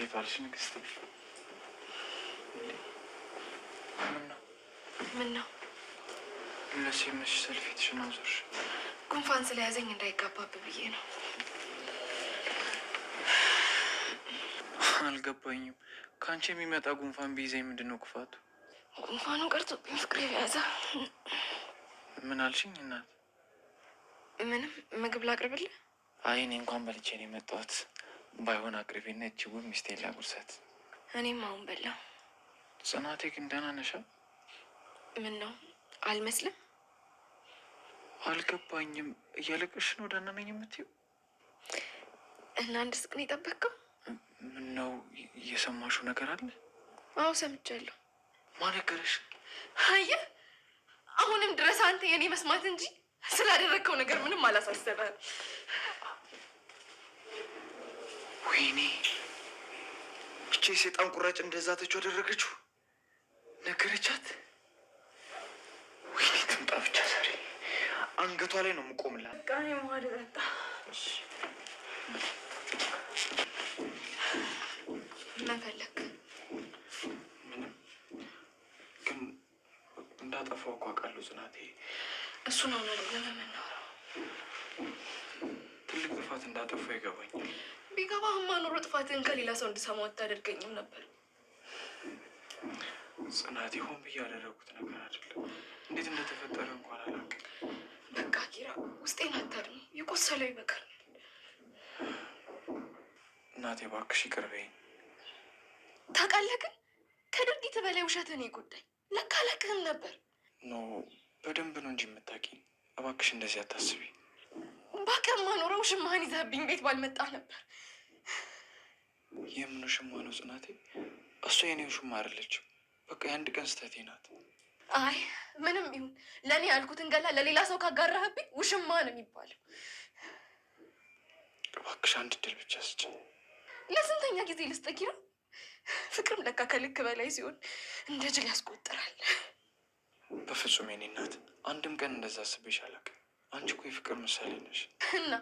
እንዴት አልሽ ንግስት? ምን ነው ለስ የምሽ ሰልፊትሽን አዞርሽ? ጉንፋን ስለያዘኝ እንዳይጋባብ ብዬ ነው። አልገባኝም። ከአንቺ የሚመጣ ጉንፋን ቢይዘኝ ምንድን ነው ክፋቱ? ጉንፋኑ ቀርጾ ፍቅር የያዘ። ምን አልሽኝ እናት? ምንም ምግብ ላቅርብልህ? አይ እኔ እንኳን በልቼ ነው የመጣሁት። ባይሆን አቅርቤና ውብ ሚስቴላ ጉርሰት እኔም አሁን በላው። ጽናቴ ግን ደህና ነሻ? ምን ነው አልመስልም? አልገባኝም። እያለቀሽ ነው ደህና ነኝ የምትይው? እና አንድ ስቅ ነው የጠበቅከው? ምን ነው እየሰማሹ ነገር አለ? አዎ ሰምቻለሁ። ማነገረሽ? አየ አሁንም ድረስ አንተ የኔ መስማት እንጂ ስላደረግከው ነገር ምንም አላሳሰበ ወይኔ ብቻ የሴጣን ቁራጭ እንደዛ ተች አደረገችው። ነገረቻት። ወይኔ ትምጣ ብቻ ዛሬ አንገቷ ላይ ነው የምቆምላት። በቃ እኔ መዋል ጠጣ መፈለግ ግን እንዳጠፋው እኮ አውቃለሁ ጽናቴ። ነው አሁን አይደለም የምናወራው፣ ትልቅ ጥፋት እንዳጠፋው ይገባኛል። ባገባህማ ኖሮ ጥፋትህን ከሌላ ሰው እንድሰማው አታደርገኝም ነበር። ጽናት፣ ሆን ብዬ ያደረጉት ነገር አይደለም። እንዴት እንደተፈጠረ እንኳን አላውቅም። በቃ ኪራ፣ ውስጤን አታድሚ። የቆሰለው ይበቃል። እናቴ እባክሽ ይቅር በይኝ። ታውቃለህ ግን ከድርጊት በላይ ውሸት እኔ ጉዳይ ለካ ለክህም ነበር። ኖ በደንብ ነው እንጂ የምታውቂኝ። እባክሽ እንደዚህ አታስቢ። ባቀማ ኖረው ሽማህን ይዘህብኝ ቤት ባልመጣ ነበር። የምኑ ሽማ ነው ጽናቴ? እሱ የኔም ሽማ አይደለችም። በቃ የአንድ ቀን ስህተቴ ናት። አይ ምንም ይሁን ለእኔ ያልኩትን ገላ ለሌላ ሰው ካጋራህብኝ ውሽማ ነው የሚባለው። እባክሽ አንድ ድል ብቻ ስጭ። ለስንተኛ ጊዜ ልስጠጊ ነው? ፍቅርም ለካ ከልክ በላይ ሲሆን እንደ ጅል ያስቆጥራል። በፍጹም የኔ እናት፣ አንድም ቀን እንደዛ አስቤሽ አላውቅም። አንቺ እኮ የፍቅር ምሳሌ ነሽ። እና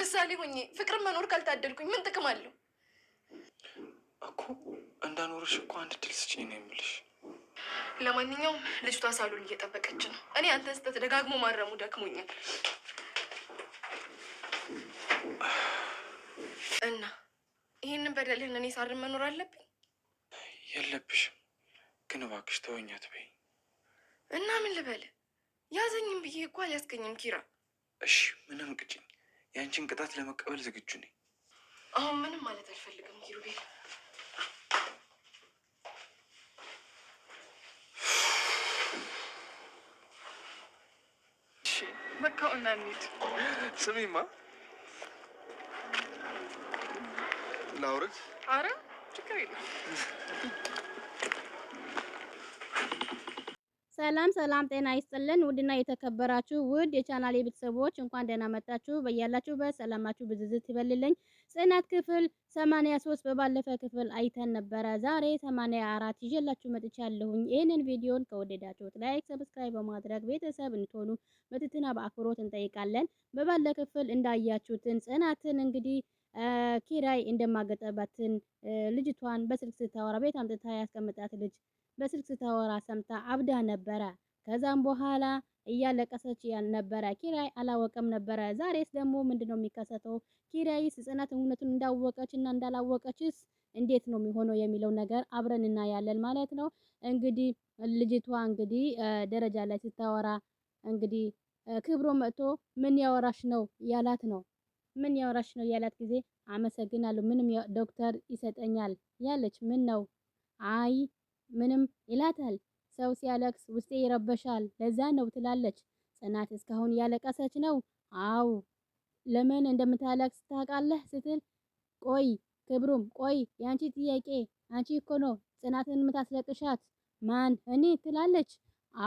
ምሳሌ ሆኜ ፍቅር መኖር ካልታደልኩኝ ምን ጥቅም አለው? እኮ እንዳኖርሽ እኮ አንድ ድል ስጪኝ ነው የምልሽ። ለማንኛውም ልጅቷ ሳሎን እየጠበቀች ነው። እኔ አንተን ስህተት ደጋግሞ ማረሙ ደክሞኛል። እና ይህንን በደልህን እኔ ሳር መኖር አለብኝ? የለብሽም፣ ግን እባክሽ ተወኛት በይ እና ምን ልበል? ያዘኝም ብዬ እኮ ያስገኝም ኪራ። እሺ ምንም ቅጭኝ፣ የአንቺን ቅጣት ለመቀበል ዝግጁ ነኝ። አሁን ምንም ማለት አልፈልግም ኪሩቤል መካው እና እንሂድ። ስሚማ ላውርድ። አረ ችግር የለም ሰላም ሰላም፣ ጤና ይስጥልን ውድና የተከበራችሁ ውድ የቻናል ቤተሰቦች እንኳን ደህና መጣችሁ። በያላችሁበት ሰላማችሁ ብዝዝት ይበልልኝ። ጽናት ክፍል 83 በባለፈ ክፍል አይተን ነበረ። ዛሬ 84 ይዤላችሁ መጥቻለሁኝ። ይህንን ቪዲዮን ከወደዳችሁት ላይክ፣ ሰብስክራይብ በማድረግ ቤተሰብ እንድትሆኑ በትህትና በአክብሮት እንጠይቃለን። በባለ ክፍል እንዳያችሁትን ጽናትን እንግዲህ ኪራይ እንደማገጠባትን ልጅቷን በስልክ ስታወራ ቤት አምጥታ ያስቀምጣት ልጅ በስልክ ስታወራ ሰምታ አብዳ ነበረ። ከዛም በኋላ እያለቀሰች ነበረ። ኪራይ አላወቀም ነበረ። ዛሬስ ደግሞ ምንድነው የሚከሰተው? ኪራይስ ጽናት እውነቱን እንዳወቀች እና እንዳላወቀችስ እንዴት ነው የሚሆነው የሚለው ነገር አብረን እናያለን ማለት ነው። እንግዲህ ልጅቷ እንግዲህ ደረጃ ላይ ስታወራ እንግዲህ ክብሮ መጥቶ ምን ያወራሽ ነው ያላት ነው ምን ያወራሽ ነው ያላት ጊዜ አመሰግናለሁ፣ ምንም ዶክተር ይሰጠኛል ያለች ምን ነው አይ ምንም ይላታል። ሰው ሲያለቅስ ውስጤ ይረበሻል፣ ለዛ ነው ትላለች። ጽናት እስካሁን እያለቀሰች ነው። አው ለምን እንደምታለቅስ ታውቃለህ ስትል ቆይ ክብሩም ቆይ የአንቺ ጥያቄ አንቺ እኮ ነው ጽናትን የምታስለቅሻት ማን እኔ ትላለች።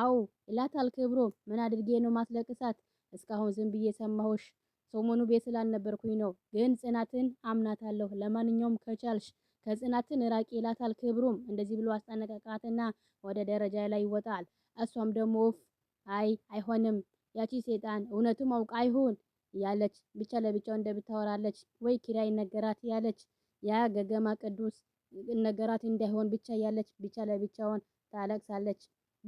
አው ይላታል ክብሩም ምን አድርጌ ነው ማስለቅሳት? እስካሁን ዝም ብዬ ሰማሁሽ ሰሞኑ ቤት ስላልነበርኩኝ ነው፣ ግን ጽናትን አምናታለሁ። ለማንኛውም ከቻልሽ ከጽናትን ራቂ ይላታል። ክብሩም እንደዚህ ብሎ አስጠነቀቃትና ወደ ደረጃ ላይ ይወጣል። እሷም ደግሞ አይ አይሆንም፣ ያቺ ሴጣን እውነቱም አውቃ ይሁን ያለች ብቻ ለብቻው እንደብታወራለች ወይ ኪራይ ነገራት ያለች ያ ገገማ ቅዱስ ነገራት እንዳይሆን ብቻ ያለች ብቻ ለብቻውን ታለቅሳለች።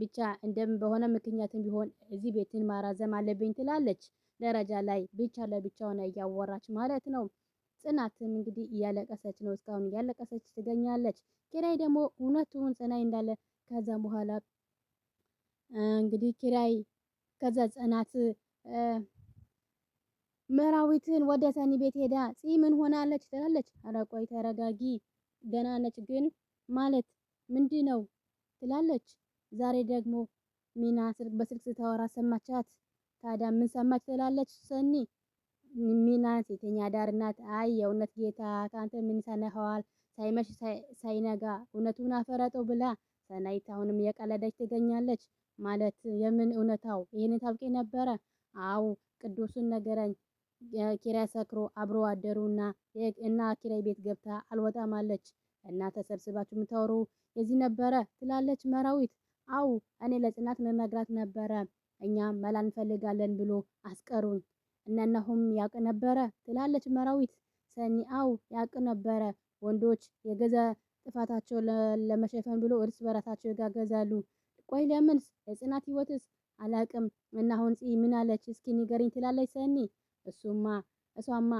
ብቻ እንደም በሆነ ምክንያትም ቢሆን እዚህ ቤትን ማራዘም አለብኝ ትላለች። ደረጃ ላይ ብቻ ለብቻ ሆነ እያወራች ማለት ነው። ጽናትም እንግዲህ እያለቀሰች ነው፣ እስካሁን እያለቀሰች ትገኛለች። ኪራይ ደግሞ እውነቱን ጽናይ እንዳለ ከዛ በኋላ እንግዲህ ኪራይ ከዛ ጽናት ምዕራዊትን ወደ ሰኒ ቤት ሄዳ ፂ ምን ሆናለች ትላለች። ኧረ ቆይ ተረጋጊ፣ ገና ነች ግን ማለት ምንድን ነው ትላለች። ዛሬ ደግሞ ሚና በስልክ ስታወራ ሰማቻት። ታዲያ ምን ሰማች ትላለች ሰኒ። ሚናን ሴተኛ አዳር ናት። አይ የእውነት ጌታ ከአንተ ምን ይሰነኸዋል? ሳይመሽ ሳይነጋ እውነቱን አፈረጠው ብላ ሰናይት አሁንም እየቀለደች ትገኛለች። ማለት የምን እውነታው? ይህንን ታውቂ ነበረ? አው ቅዱስን ነገረኝ። ኪራይ ሰክሮ አብሮ አደሩና እና ኪራይ ቤት ገብታ አልወጣም አለች። እና ተሰብስባችሁ የምታወሩ የዚህ ነበረ ትላለች መራዊት። አው እኔ ለጽናት ልነግራት ነበረ እኛ መላ እንፈልጋለን ብሎ አስቀሩን። እነነሁም ያውቅ ነበረ ትላለች መራዊት ሰኒ። አው ያውቅ ነበረ። ወንዶች የገዛ ጥፋታቸው ለመሸፈን ብሎ እርስ በራሳቸው ይጋገዛሉ። ቆይ ለምንስ? የጽናት ህይወትስ? አላቅም። እና አሁን ጽ ምን አለች? እስኪ ንገሪኝ ትላለች ሰኒ። እሱማ እሷማ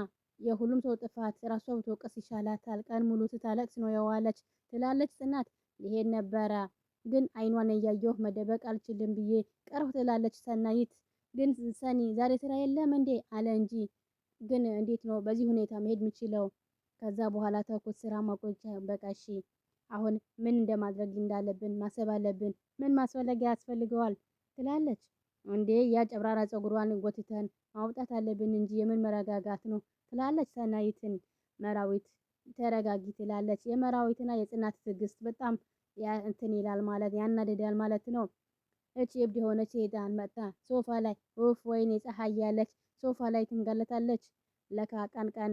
የሁሉም ሰው ጥፋት ራሷ ብትወቀስ ይሻላታል። ቀን ሙሉ ስታለቅስ ነው የዋለች ትላለች ጽናት። ይሄን ነበረ ግን አይኗን እያየሁ መደበቅ አልችልም ብዬ ቀርሁ ትላለች ሰናይት። ግን ሰኒ ዛሬ ስራ የለም እንዴ አለ እንጂ ግን እንዴት ነው በዚህ ሁኔታ መሄድ የምችለው? ከዛ በኋላ ተኩት ስራ ማቆጫ በቃሺ አሁን ምን እንደማድረግ እንዳለብን ማሰብ አለብን። ምን ማስፈለግ ያስፈልገዋል ትላለች። እንዴ ያ ጨብራራ ፀጉሯን ጎትተን ማውጣት አለብን እንጂ የምን መረጋጋት ነው ትላለች ሰናይትን። መራዊት ተረጋጊ ትላለች። የመራዊትና የጽናት ትዕግስት በጣም እንትን ይላል ማለት ያናድዳል ማለት ነው። እቺ እብድ የሆነች ሴጣን መጣ ሶፋ ላይ ኡፍ ወይኔ ፀሐይ ያለች ሶፋ ላይ ትንጋለታለች። ለካ ቀን ቀን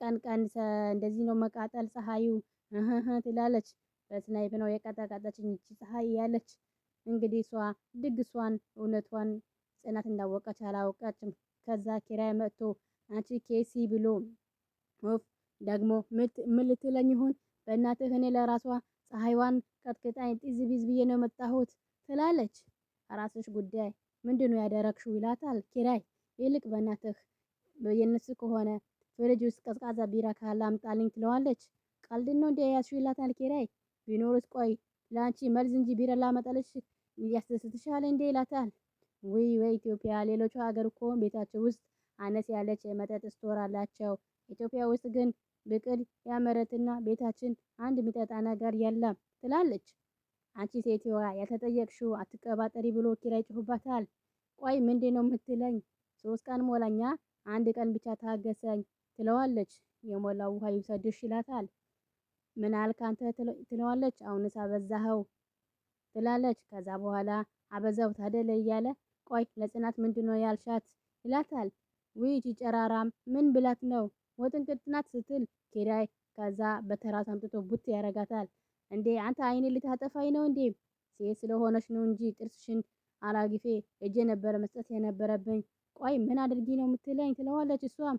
ቀን ቀን እንደዚህ ነው መቃጠል ፀሐዩ እህ ትላለች። በስናይፕ ነው የቀጠቀጠችኝ እቺ ፀሐይ ያለች። እንግዲህ እሷ ድግሷን እውነቷን ጽናት እንዳወቀች አላወቀችም። ከዛ ኪራይ መጥቶ አንቺ ኬሲ ብሎ ኡፍ፣ ደግሞ ምን ልትለኝ ይሆን? በእናትህ እኔ ለራሷ ፀሐይዋን ቀጥቅጣኝ ጢዝ ቢዝ ብዬ ነው የመጣሁት ትላለች። ራስሽ ጉዳይ ምንድን ነው ያደረግሽው? ይላታል ኪራይ። ይልቅ በእናትህ የነሱ ከሆነ ፍሪጅ ውስጥ ቀዝቃዛ ቢራ ካለ አምጣልኝ ትለዋለች። ቀልድ ነው እንደ ይላታል ኪራይ። ቢኖሩት ቆይ ለአንቺ መልስ እንጂ ቢራ ላመጣልሽ ያስደስትሻል እንዴ? ይላታል። ውይ ወይ ኢትዮጵያ! ሌሎቹ ሀገር እኮ ቤታቸው ውስጥ አነስ ያለች የመጠጥ ስቶር አላቸው። ኢትዮጵያ ውስጥ ግን ብቅል ያመረትና ቤታችን አንድ ሚጠጣ ነገር የለም ትላለች። አንቺ ሴትዋ ያልተጠየቅሽው አትቀባጠሪ ብሎ ኪራይ ጭሁባታል። ቆይ ምንድን ነው የምትለኝ? ሶስት ቀን ሞላኛ፣ አንድ ቀን ብቻ ታገሰኝ ትለዋለች። የሞላው ውሃ ይውሰድሽ ይላታል። ምን አልክ አንተ ትለዋለች። አሁንስ አበዛኸው ትላለች። ከዛ በኋላ አበዛው ታደለ እያለ ቆይ ለጽናት ምንድን ነው ያልሻት ይላታል። ውይ ጭጨራራም ምን ብላት ነው ወጥንቅት ስትል ኪራይ ከዛ በተራ አምጥቶ ቡት ያረጋታል። እንዴ አንተ አይኔ ልታጠፋኝ ነው እንዴ? ሴት ስለሆነች ነው እንጂ ጥርስሽን አላግፌ እጄ ነበረ መስጠት የነበረብኝ። ቆይ ምን አድርጊ ነው የምትለኝ? ትለዋለች እሷም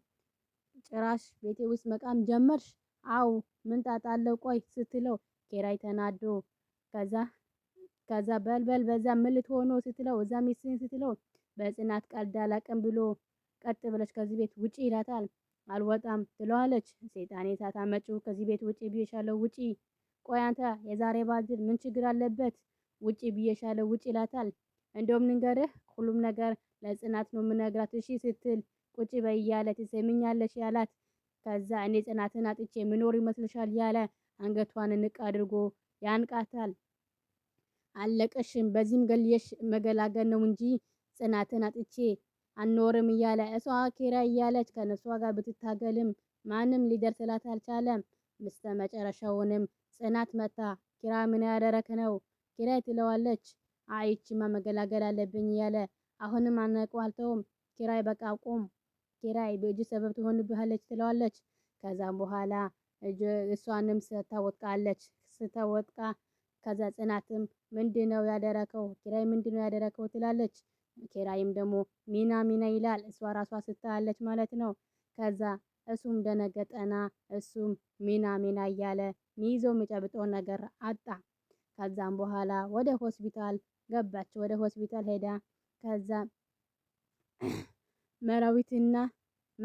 ጭራሽ ቤቴ ውስጥ መቃም ጀመርሽ? አው ምን ጣጣለው? አለው? ቆይ ስትለው ኪራይ ተናዶ ከዛ ከዛ በልበል በዛ ምን ልትሆኖ ስትለው እዛ ሚስትን ስትለው በጽናት ቀልድ አላቅም ብሎ ቀጥ ብለሽ ከዚህ ቤት ውጪ ይላታል። አልወጣም ትለዋለች። ሰይጣኔ ሳታመጪው ከዚህ ቤት ውጪ ብዬሻለሁ ውጪ። ቆይ አንተ የዛሬ ባልድር ምን ችግር አለበት? ውጪ ብዬሻለሁ ውጪ ይላታል። እንደውም ልንገርህ ሁሉም ነገር ለጽናት ነው የምነግራት እሺ ስትል ቁጭ በይ እያለ ትሰሚኛለሽ ያላት። ከዛ እኔ ጽናትን አጥቼ ምኖር ይመስልሻል ያለ አንገቷን ንቅ አድርጎ ያንቃታል። አለቀሽም በዚህም ገልየሽ መገላገል ነው እንጂ ጽናትን አጥቼ አንኖርም እያለ እሷ ኪራይ እያለች ከነሷ ጋር ብትታገልም ማንም ሊደርስላት አልቻለም። ምስተ መጨረሻውንም ጽናት መታ ኪራ ምን ያደረክ ነው? ኪራይ ትለዋለች። አይቺማ መገላገል አለብኝ እያለ አሁንም አነቋልተውም ኪራይ በቃ ቁም፣ ኪራይ በእጅ ሰበብ ትሆንብሃለች ትለዋለች። ከዛም በኋላ እሷንም ስታወጥቃለች ስታወጥቃ ከዛ ጽናትም ምንድነው ያደረከው ኪራይ ምንድነው ያደረከው ትላለች። ኬራይም ደግሞ ሚና ሚና ይላል። እሷ ራሷ ስታያለች ማለት ነው። ከዛ እሱም ደነገጠና እሱም ሚና ሚና እያለ ሚይዞ የሚጨብጦ ነገር አጣ። ከዛም በኋላ ወደ ሆስፒታል ገባች። ወደ ሆስፒታል ሄዳ ከዛ መራዊትና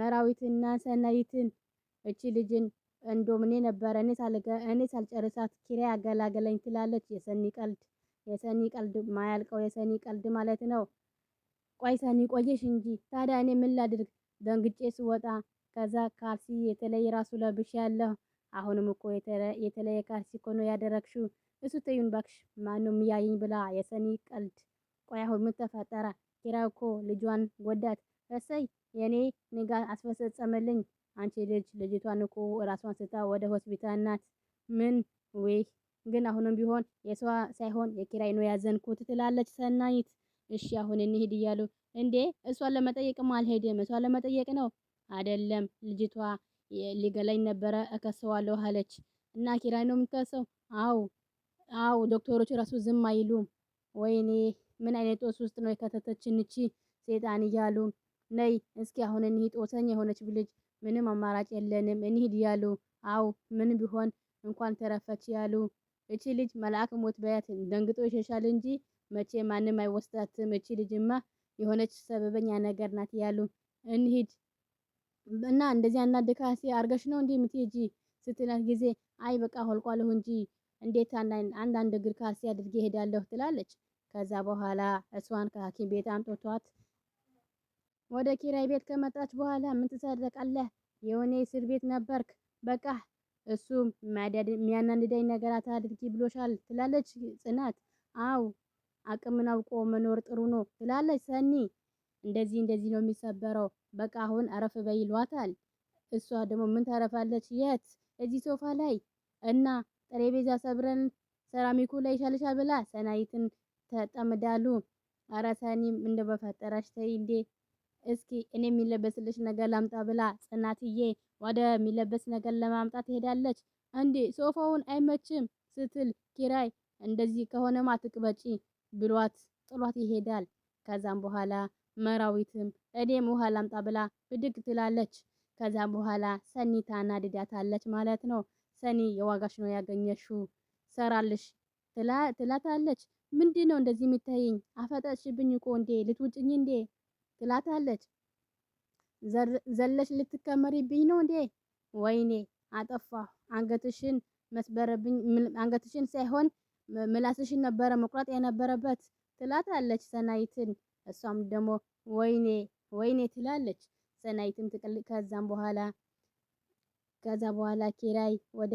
መራዊትና ሰናይትን እቺ ልጅን እንዶም እኔ ነበረ እኔ ሳልገ እኔ ሳልጨርሳት ኪራይ አገላገለኝ ትላለች። የሰኒ ቀልድ የሰኒ ቀልድ ማያልቀው የሰኒ ቀልድ ማለት ነው። ቆይ ሰኒ ቆየሽ እንጂ ታዲያ እኔ ምን ላድርግ? ደንግጬ ስወጣ ከዛ ካልሲ የተለየ ራሱ ለብሽ ያለሁ። አሁንም እኮ የተለየ ካልሲ እኮ ነው ያደረግሽው። እሱ ተዩን ባክሽ፣ ማንም ያይኝ ብላ የሰኒ ቀልድ። ቆይ አሁን ምን ተፈጠረ? ኪራ እኮ ልጇን ጎዳት። እሰይ የኔ ንጋ አስፈጸመልኝ። አንቺ ልጅ ልጅቷን እኮ ራሷን ስታ ወደ ሆስፒታል ናት። ምን ወይ ግን አሁንም ቢሆን የሷ ሳይሆን የኪራይ ነው ያዘንኩት ትላለች ሰናይት። እሺ አሁን እንሂድ እያሉ እንዴ እሷን ለመጠየቅም አልሄድም እሷን ለመጠየቅ ነው አይደለም ልጅቷ ሊገለኝ ነበረ እከሰዋለሁ አለች እና ኪራይ ነው የምትከሰው አው አው ዶክተሮቹ ራሱ ዝም አይሉም ወይኔ ምን አይነት ጦስ ውስጥ ነው የከተተችን እቺ ሴጣን እያሉ ነይ እስኪ አሁን እንሂድ ጦሰኛ የሆነች ብልጅ ምንም አማራጭ የለንም እንሂድ እያሉ አው ምን ቢሆን እንኳን ተረፈች ያሉ እቺ ልጅ መልአክ ሞት በያት ደንግጦ ይሸሻል እንጂ መቼ ማንም አይወስዳትም። እቺ ልጅማ የሆነች ሰበበኛ ነገር ናት እያሉ እንሂድ እና እንደዚህ አናድካሴ አርገሽ ነው እንዴ የምትሄጂ ስትላት ጊዜ አይ በቃ ሆልቋለሁ እንጂ እንዴት አንዳንድ እግር ካሴ አድርጌ ሄዳለሁ ትላለች። ከዛ በኋላ እሷን ከሐኪም ቤት አምጥቷት ወደ ኪራይ ቤት ከመጣች በኋላ ምን ትሰረቃለህ? የሆነ እስር ቤት ነበርክ በቃ እሱ የሚያናንዳኝ ነገራት አድርጊ ብሎሻል ትላለች ጽናት። አው አቅምን አውቆ መኖር ጥሩ ነው ትላለች ሰኒ። እንደዚህ እንደዚህ ነው የሚሰበረው፣ በቃ አሁን አረፍ በይ ይሏታል። እሷ ደግሞ ምን ታረፋለች? የት እዚህ ሶፋ ላይ እና ጠረጴዛ ሰብረን ሰራሚኩ ላይ ይሻልሻል ብላ ሰናይትን ተጠምዳሉ። አረ ሰኒም እንደ በፈጠረሽ ተይ እንዴ! እስኪ እኔ የሚለበስልሽ ነገር ላምጣ ብላ ጽናትዬ ወደሚለበስ ነገር ለማምጣት ሄዳለች። እንዴ ሶፋውን አይመችም ስትል ኪራይ እንደዚህ ከሆነማ ትቅበጪ ብሏት ጥሏት ይሄዳል። ከዛም በኋላ መራዊትም እኔም ውሃ ላምጣ ብላ ብድግ ትላለች። ከዛም በኋላ ሰኒ ታናድዳታለች ማለት ነው። ሰኒ የዋጋሽ ነው ያገኘሽው ሰራልሽ ትላታለች። ምንድን ነው እንደዚህ የምታይኝ? አፈጠሽብኝ እኮ እንዴ ልትውጭኝ እንዴ ትላታለች። ዘለሽ ልትከመሪብኝ ነው እንዴ? ወይኔ አጠፋሁ። አንገትሽን መስበረብኝ አንገትሽን ሳይሆን ምላስሽን ነበረ መቁረጥ የነበረበት ትላታለች ሰናይትን። እሷም ደግሞ ወይኔ ወይኔ ትላለች ሰናይትን ትቅል ከዛም በኋላ ከዛ በኋላ ኪራይ ወደ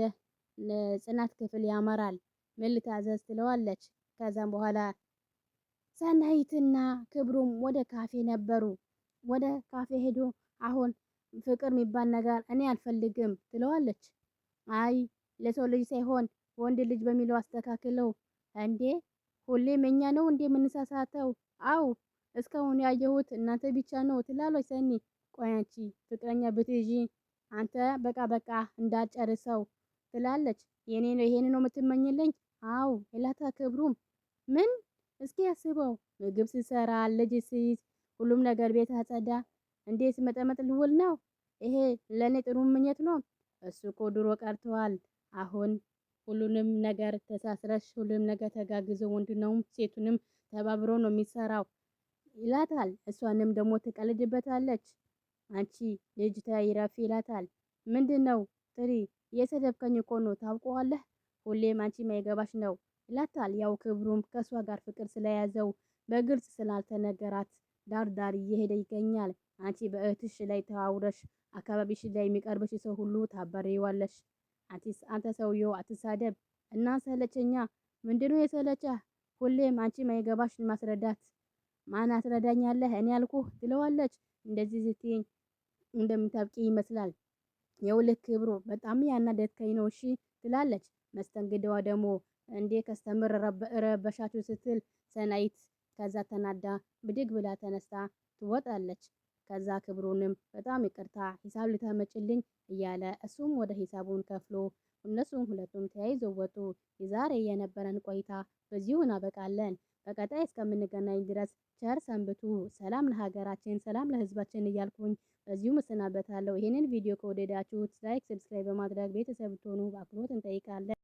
ጽናት ክፍል ያመራል። ምን ልታዘዝ ትለዋለች። ከዛም በኋላ ሰናይትና ክብሩም ወደ ካፌ ነበሩ። ወደ ካፌ ሄዶ አሁን ፍቅር የሚባል ነገር እኔ አልፈልግም ትለዋለች። አይ ለሰው ልጅ ሳይሆን ወንድ ልጅ በሚለው አስተካክለው። እንዴ ሁሌም እኛ ነው እንዴ የምንሳሳተው? አው እስካሁን ያየሁት እናንተ ብቻ ነው ትላለች ሰኒ። ቆያቺ ፍቅረኛ ብትይዢ አንተ በቃ በቃ እንዳጨርሰው ትላለች። የኔ ነው ይሄን ነው የምትመኝልኝ? አው ይላታ ክብሩም ምን እስኪ ያስበው ምግብ ስሰራ ልጅ ስይዝ ሁሉም ነገር ቤት አጸዳ። እንዴት መጠመጥ ልውል ነው? ይሄ ለእኔ ጥሩ ምኘት ነው። እሱ እኮ ድሮ ቀርተዋል። አሁን ሁሉንም ነገር ተሳስረሽ፣ ሁሉንም ነገር ተጋግዞ ወንዱንም ሴቱንም ተባብሮ ነው የሚሰራው ይላታል። እሷንም ደግሞ ትቀልድበታለች። አንቺ ልጅ ተይረፊ ይላታል። ምንድን ነው ጥሪ የሰደብከኝ እኮ ነው ታውቀዋለህ። ሁሌም አንቺ ማይገባሽ ነው ይላታል። ያው ክብሩም ከእሷ ጋር ፍቅር ስለያዘው በግልጽ ስላልተነገራት ዳር ዳር እየሄደ ይገኛል። አንቺ በእህትሽ ላይ ተዋውረሽ አካባቢሽ ላይ የሚቀርብሽ ሰው ሁሉ ታባሪዋለሽ። አንተ ሰውየው አትሳደብ እና ሰለቸኛ ምንድነው የሰለቸ? ሁሌም አንቺ ማይገባሽ ማስረዳት ማን አስረዳኛለህ እኔ ያልኩ ትለዋለች። እንደዚህ ስትይኝ እንደምታብቂ ይመስላል። የውልክ ክብሩ በጣም ያናደድከኝ ነው እሺ ትላለች። መስተንግደዋ ደግሞ እንዴ ከስተምር ረበሻችሁ ስትል ሰናይት ከዛ ተናዳ ብድግ ብላ ተነስታ ትወጣለች። ከዛ ክብሩንም በጣም ይቅርታ ሂሳብ ልተመጭልኝ እያለ እሱም ወደ ሂሳቡን ከፍሎ እነሱም ሁለቱም ተያይዘው ወጡ። የዛሬ የነበረን ቆይታ በዚሁ እናበቃለን። በቀጣይ እስከምንገናኝ ድረስ ቸር ሰንብቱ። ሰላም ለሀገራችን፣ ሰላም ለሕዝባችን እያልኩኝ በዚሁ መሰናበታለሁ። ይህንን ቪዲዮ ከወደዳችሁት ላይክ፣ ሰብስክራይብ በማድረግ ቤተሰብ ትሆኑ በአክብሮት እንጠይቃለን።